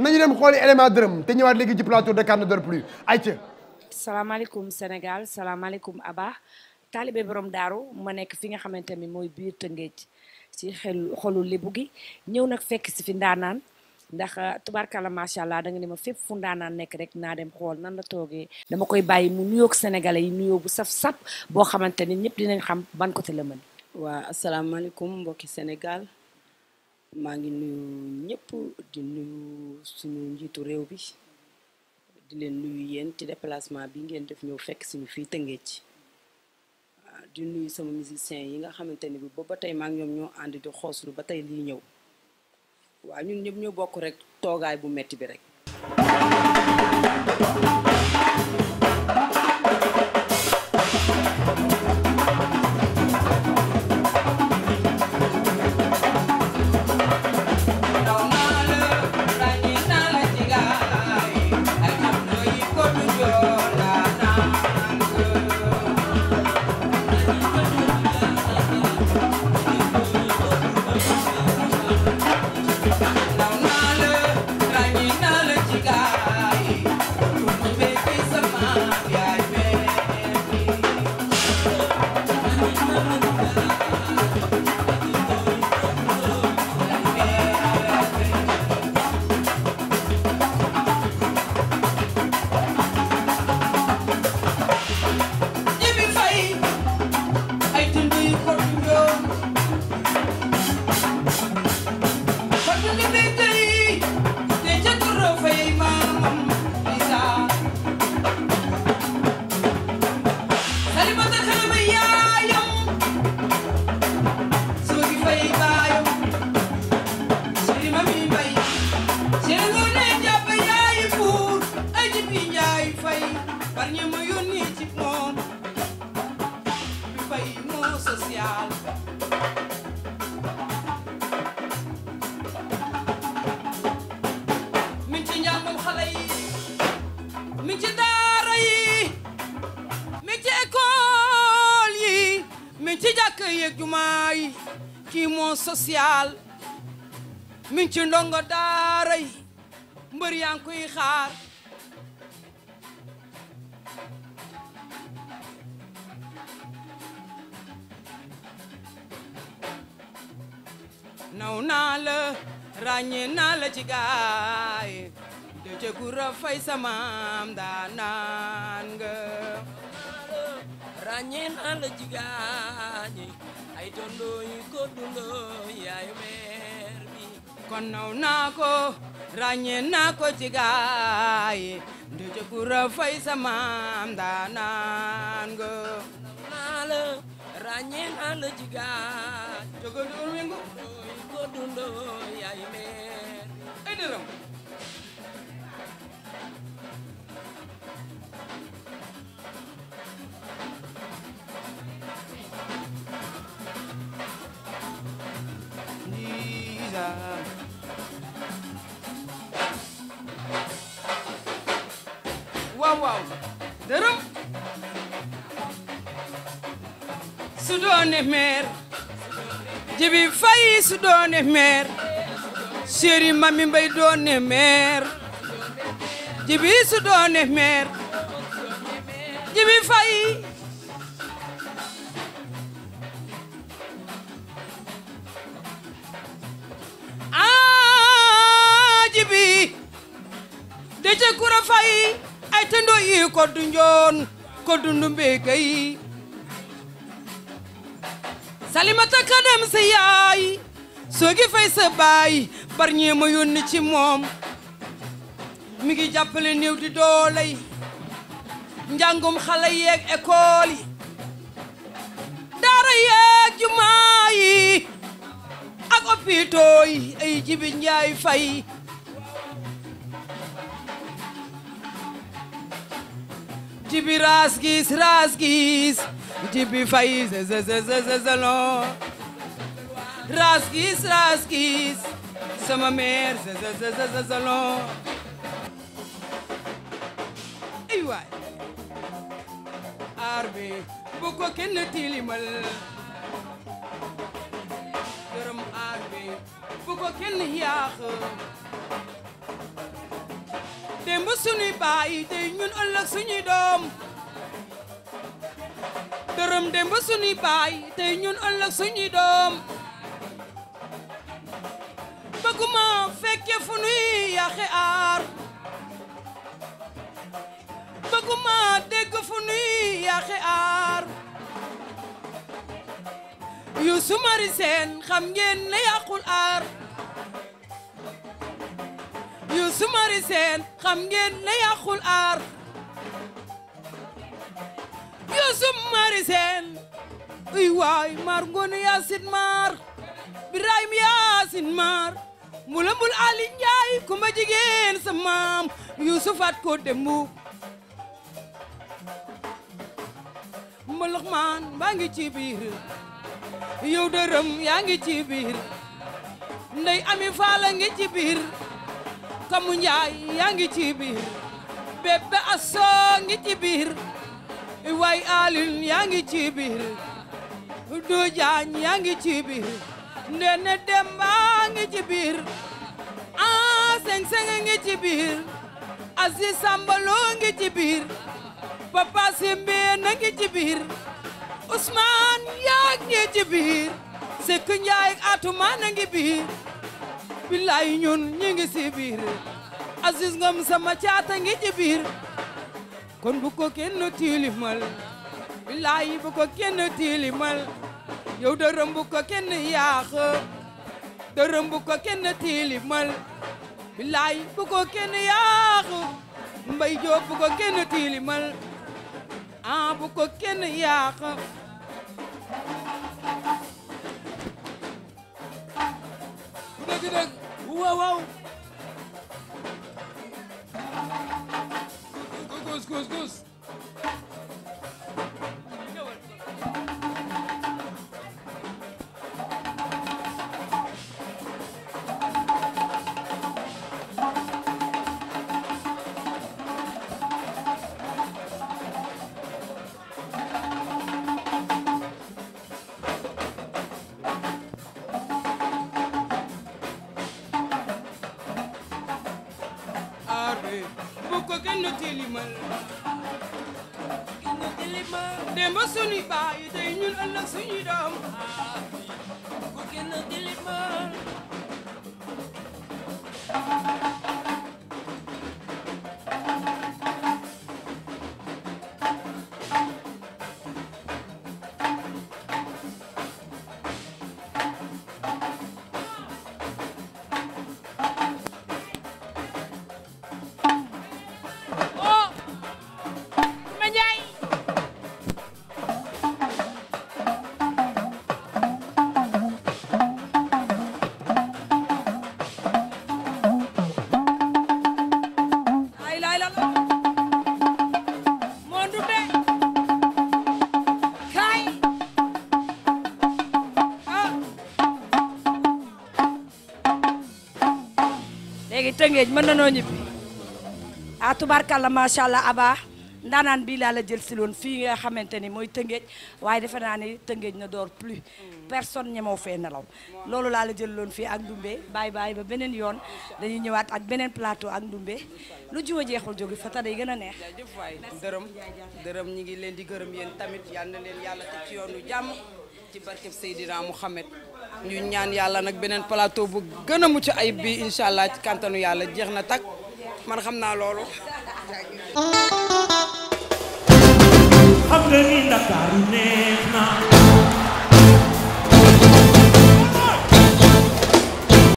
nañu dem xooli élément dërëm te ñëwaat léegi ci plateau de Dakar ne dort plus ayca salaamaaleykum Sénégal salaamaaleykum Aba taalibe borom daaru ma nekk fi nga xamante ni mooy biir Tëngéej ci xel xolu lébu gi ñëw nag fekk si fi ndaanaan ndax euh, tubaarkàlla macha allah da nga ne ma fépp fu ndaanaan nekk rek naa dem xool nan la toogee dama koy bàyyi mu nuyoog sénégalais yi nuyoo bu saf-sap boo xamante ni ñëpp dinañ xam ban côté la mën waa asalaamaaleykum mbokki Sénégal maa ngi nuyu ñëpp di nuyu suñu njiitu réew bi di leen nuyu yéen ci déplacement bi ngeen def ñëw fekk suñu fii Tëngéej di nuyu sama musicien yi nga xamante ni bi ba tey maa ngi ñoom ñoo ànd di xooslu ba tey lii ñëw waaw ñun ñëpp ñu bokk rek toogaay bu metti bi rek mi ngi ci jàkka yeeg jumaa yi kii social mi ci ndongo daara yi mbër yaa ngi koy xaar naw naa la ràññee naa la ci gaay de jëgu rafay samaam daa naan nga ñee naan la jigéen ñi ay tondoo yu ko dundoo yaayu meer bi kon naw naa ko ràññee naa ko ci gaaye ndu ca kura fay sa maam daa naan go naa la la jigéen waaw waaw dërëm su doone meer jibi fay su doone meer chéri mami mbay doone meer jibi su doone meer jibi fay Déthié Coura Faye ay tëndoo yi ko dunjoon ko dundu mbéyka yi Salimata dem sa yaay soogi fay sa baay bar ñee ma yónni ci moom mi ngi jàppale néew di doole yi njàngum xale yeeg école yi daara yeeg jumaa ak opitoo ay jibi njaay fay jibi ras gis ras gis jibi fay zezezezezelo ras gis ras gis sama mère zezezezezelo ay waay aar bi bu ko kenn tilimal yërëm aar bi bu ko kenn yaax ba suñuy baay tey ñun ëllëg suñuy doom gërëm dem ba suñuy baay tey ñun ëllëg suñuy doom bëgguma fekke fu nuy yàqe bëgguma dégg fu nuy yàqe yu sumari seen xam ngeen ne yàqul aar sumari seen xam ngeen ne yàqul aar yu sumari seen uy waay maar ngoone yaasin maar birahim yaasin maar mbulambul ali njaay kumba jigéen sa maam yuusufat ko dembu mbalax maan baa ngi ci biir dërëm yaa ngi ci ndey ami faala ngi ci Kamu Njaay yaa ngi ci biir Bébé Asso ngi ci biir way yaa ngi ci biir Doudou yaa ngi ci biir Ndéné Demba ngi ci biir ah Seng ngi ci biir Aziz ngi ci biir Papa Simbi ngi ci biir yaa ngi ci biir Seck Njaay ngi biir billaay ñun ñi ngi si biir Aziz Ngom sama caata ngi ci kon bu ko kenn tiilimal billaay bu ko kenn tiilimal yow dërëm bu ko kenn yaax ko kenn tiilimal billaay bu ko kenn yaax mbay joob bu ko kenn tiilimal ah bu ko kenn yaax dëgg-dëgg waaw waaw ko kenn tilimal kenn tilimal démb suñuy baay tey ñun ëllëg suñuy doom ko kenn tilimal tëngéej mën na noo ñibbi ah tubaarkàlla macha allah abaa ndaanaan bii laa la jël si loon fii nga xamante ni mooy tëngéej waaye defe naa ni tëngeej na door plus hmm. personne ñemoo fee nelaw loolu laa la jël loon fii ak ndumbe baay bàyyi ba beneen yoon dañuy ñëwaat ak beneen plateau ak ndumbe lu jiwa jeexul jóge fa ta day gën a neex jërëjëf waay dërëm dërëm ñi ngi leen di gërëm yéen tamit yal na leen yàlla teg ci yoonu jàmm ci barkeb Seydina Mouhamed ñu ñaan yàlla nag beneen plateau bu gën a mucc ayib bi incha allah ci kàntanu yàlla jeex na tak man xam naa loolu.